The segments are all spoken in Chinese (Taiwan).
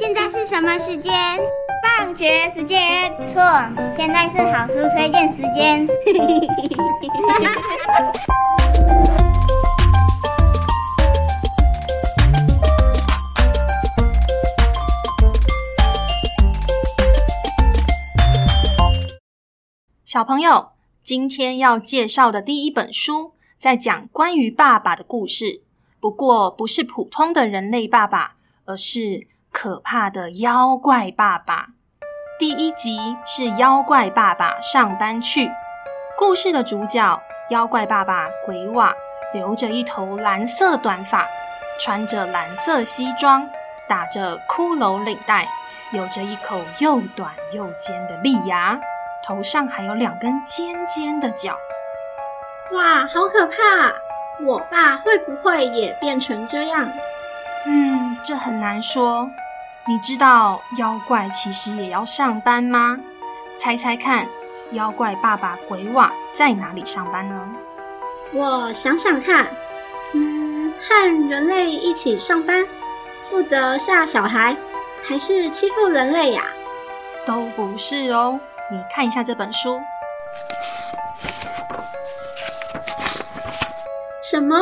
現在是什麼時間？放學時間。錯，現在是好書推薦時間。 小朋友，今天要介紹的第一本書在講關於爸爸的故事，不過不是普通的人類爸爸，而是。可怕的妖怪爸爸，第一集是妖怪爸爸上班去。故事的主角妖怪爸爸鬼瓦，留着一頭藍色短髮，穿着藍色西裝，打着骷髏領帶，有着一口又短又尖的利牙，頭上還有兩根尖尖的角。哇，好可怕！我爸會不會也變成這樣？嗯，這很難說。你知道妖怪其實也要上班嗎？猜猜看，妖怪爸爸鬼瓦在哪裡上班呢？我想想看，嗯，和人類一起上班，負責嚇小孩，還是欺負人類呀、啊？都不是哦，你看一下這本書。什麼？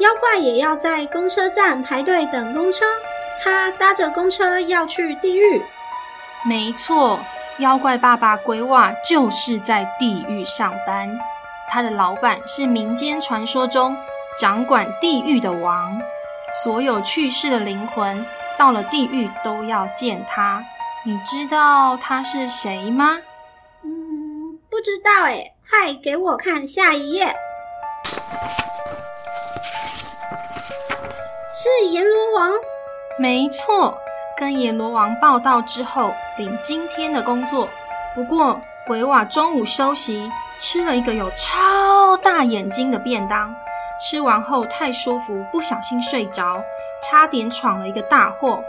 妖怪也要在公車站排隊等公車？他搭着公車要去地獄，沒錯，妖怪爸爸鬼瓦就是在地獄上班。他的老闆是民間傳說中掌管地獄的王，所有去世的靈魂到了地獄都要見他。你知道他是誰嗎？嗯，不知道哎。快給我看下一頁，是閻羅王。沒錯，跟閻羅王報到之後，領今天的工作。不過鬼瓦中午休息，吃了一個有超大眼睛的便當。吃完後太舒服，不小心睡着，差點闖了一個大禍。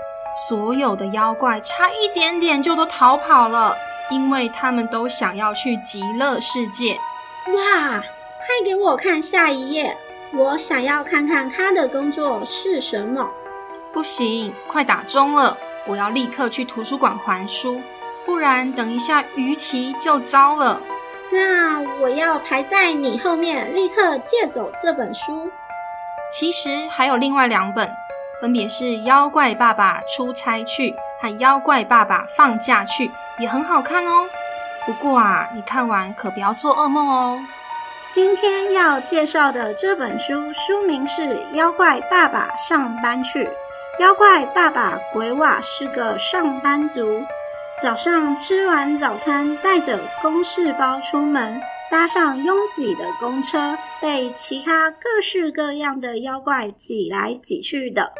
所有的妖怪差一點點就都逃跑了，因為他們都想要去極樂世界。哇！快給我看下一頁，我想要看看他的工作是什麼？不行，快打鐘了！我要立刻去圖書館還書，不然等一下逾期，就糟了。那我要排在你後面，立刻借走這本書。其實還有另外兩本，分別是《妖怪爸爸出差去》和《妖怪爸爸放假去》，也很好看哦。不過啊，你看完可不要做噩夢哦。今天要介紹的這本書，書名是《妖怪爸爸上班去》。妖怪爸爸鬼瓦是個上班族，早上吃完早餐，帶着公事包出門，搭上擁擠的公車，被其他各式各樣的妖怪擠來擠去的。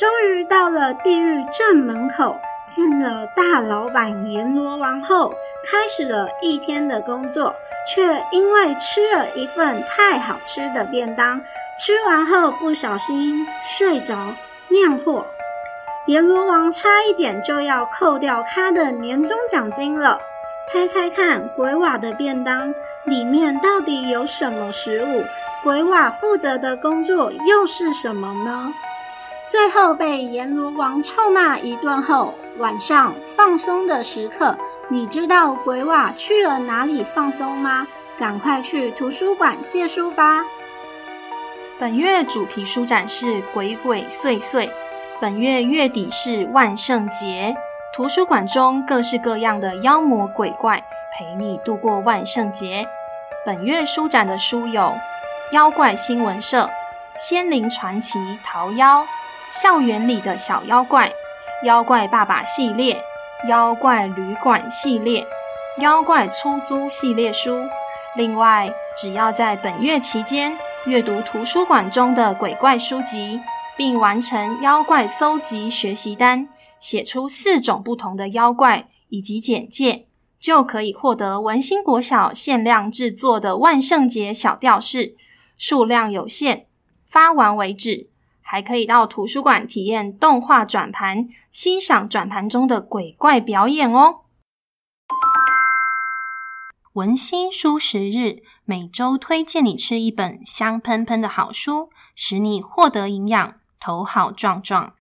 終於到了地獄正門口，見了大老闆閻羅王後，開始了一天的工作，卻因為吃了一份太好吃的便當，吃完後不小心睡着。釀禍，閻羅王差一點就要扣掉他的年終獎金了。猜猜看，鬼瓦的便當裡面到底有什麼食物？鬼瓦負責的工作又是什麼呢？最後被閻羅王臭罵一頓後，晚上放鬆的時刻，你知道鬼瓦去了哪裡放鬆嗎？趕快去圖書館借書吧。本月主題書展是鬼鬼祟祟，本月月底是萬聖節，圖書館中各式各樣的妖魔鬼怪陪你度過萬聖節。本月書展的書有《妖怪新聞社》、《仙靈傳奇·桃妖》、《校園裡的小妖怪》、《妖怪爸爸系列》、《妖怪旅館系列》、《妖怪出租系列書》。另外，只要在本月期間，閱讀圖書館中的鬼怪書籍，並完成妖怪蒐集學習單，寫出四種不同的妖怪以及簡介，就可以獲得文欣國小限量制作的萬聖節小吊飾，數量有限，發完為止。還可以到圖書館體驗動畫轉盤，欣賞轉盤中的鬼怪表演哦。文欣書食日，每週推薦你吃一本香噴噴的好書，使你獲得營養，頭好壯壯。